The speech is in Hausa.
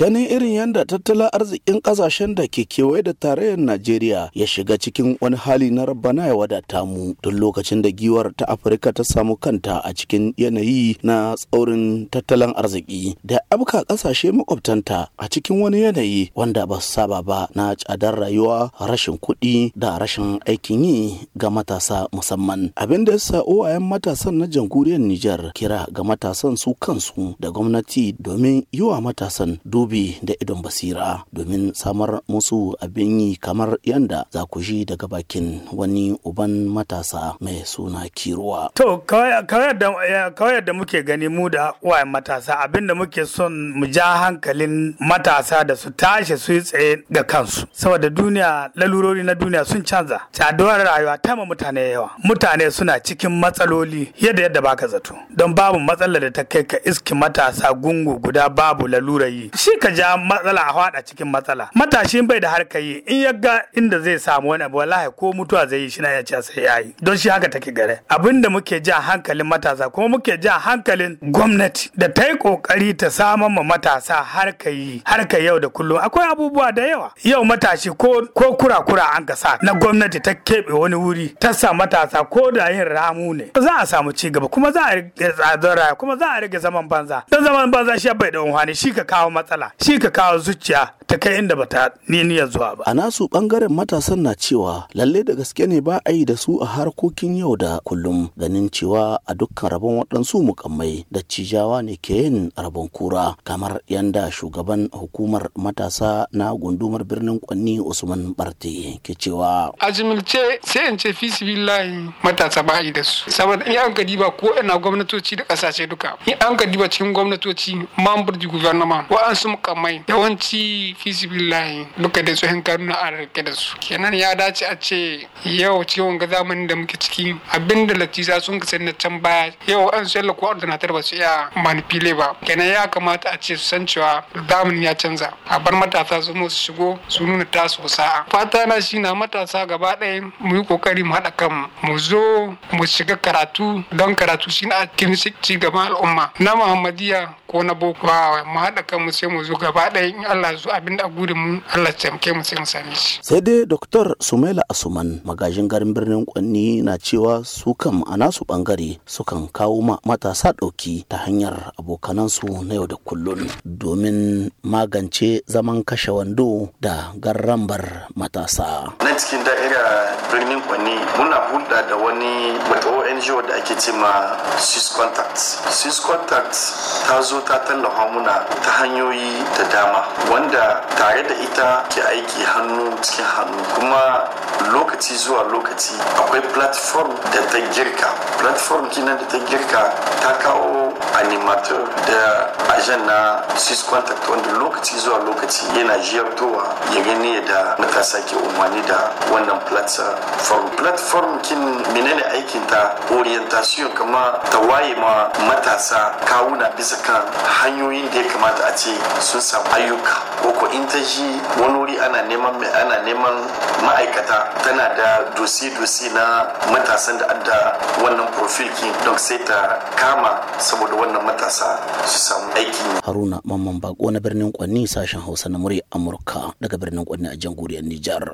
ganin irin yadda tattalin arzikin kasashen da ke kewaye da tarayyar najeriya ya shiga cikin wani hali na rabana ya wadata mu tun lokacin da giwar ta afirka ta samu kanta a cikin yanayi na tsaurin tattalin arziki da abka kasashe makwabtanta a cikin wani yanayi wanda ba su saba ba na tsadar rayuwa rashin kuɗi da rashin aikin yi ga matasa musamman abin da yasa uwayen matasan na jamhuriyar nijar kira ga matasan su kansu da gwamnati domin yi wa matasan dubi dubi da idon basira domin samar musu abin yi kamar yanda za ku ji daga bakin wani uban matasa mai suna kiruwa. To kawai yadda muke gani mu da wayan matasa abin da muke son mu ja hankalin matasa da su tashi su yi tsaye ga kansu. Saboda duniya lalurori na duniya sun canza. Caduwar rayuwa ta ma mutane yawa. Mutane suna cikin matsaloli yadda yadda baka zato. Don babu matsalar da ta kai ka iski matasa gungu guda babu lalurayi. Shi ka ja matsala a hada cikin matsala matashin bai da harka yi in ya ga inda zai samu wani abu wallahi ko mutuwa zai yi shi na ya ce sai yayi don shi haka take gare da muke ja hankalin matasa kuma muke ja hankalin gwamnati da ta yi kokari ta samar ma matasa harka yi harka yau da kullum akwai abubuwa da yawa yau matashi ko ko kura-kura an ka sa na gwamnati ta keɓe wani wuri ta sa matasa ko da yin ramu ne za a samu ci gaba kuma za a rage tsadar raya kuma za a rage zaman banza don zaman banza shi bai da wani shi ka kawo matsala wahala shi ka kawo zuciya ta kai inda bata niyyar zuwa ba. A nasu bangaren matasan na cewa lallai da gaske ne ba a yi da su a harkokin yau da kullum ganin cewa a dukkan rabon waɗansu mukammai da cijawa ne ke yin rabon kura kamar yanda shugaban hukumar matasa na gundumar birnin Kwanni Usman Barte ke cewa. A jimilce sai in ce fisibillahi matasa ba a yi da su. Saboda in an ka diba ko ina gwamnatoci da ƙasashe duka. In an ka diba cikin gwamnatoci mambar di wa'ansu mukamai yawanci fisibillahi duka da tsohon karnuna a rike da su kenan ya dace a ce yau ciwon ga zamanin da muke ciki abin da latisa sun kasa na can baya yau an sayar da ko ordinator ba su iya manipile ba kenan ya kamata a ce su san cewa zamanin ya canza a bar matasa su su shigo su nuna tasu sa'a fata na shi na matasa gaba ɗaya mu yi kokari mu haɗa kanmu mu zo mu shiga karatu don karatu shi na cikin ci gaban al'umma na muhammadiya ko na boko mu haɗa mu sai mu yanzu zo gaba ɗaya in Allah zo abin da gudun mu Allah tamke mu sai mu same shi. Sai dai Dr. Sumaila Asuman magajin garin birnin Kwanni na cewa su kan a nasu bangare sukan kawo ma matasa ɗauki ta hanyar abokanansu na yau da kullun domin magance zaman kashe wando da garrambar matasa. Nan cikin da'ira birnin Kwanni muna hulɗa da wani NGO da ake ce ma Swiss Contact. Swiss Contact ta zo ta tallafa muna ta hanyoyi kungiyoyi da dama wanda tare da ita ke aiki hannu cikin hannu kuma lokaci zuwa lokaci akwai platform da ta girka platform kinan da ta girka ta kawo animator da ajan na six contact wanda lokaci zuwa lokaci yana ziyartowa ya gani da matasa ke umarni da wannan platform platform kin menene aikin ta orientation kama ta waye ma matasa kawuna bisa kan hanyoyin da ya kamata a ce sun samu ayyuka ko in ta ji wani wuri ana neman ana neman ma'aikata tana da dosi-dosi na matasan da adda wannan profil ki don sai ta kama saboda wannan matasa su samu aiki haruna mamman bako na birnin kwanni sashen hausa na murya amurka daga birnin kwanni a jamhuriyar nijar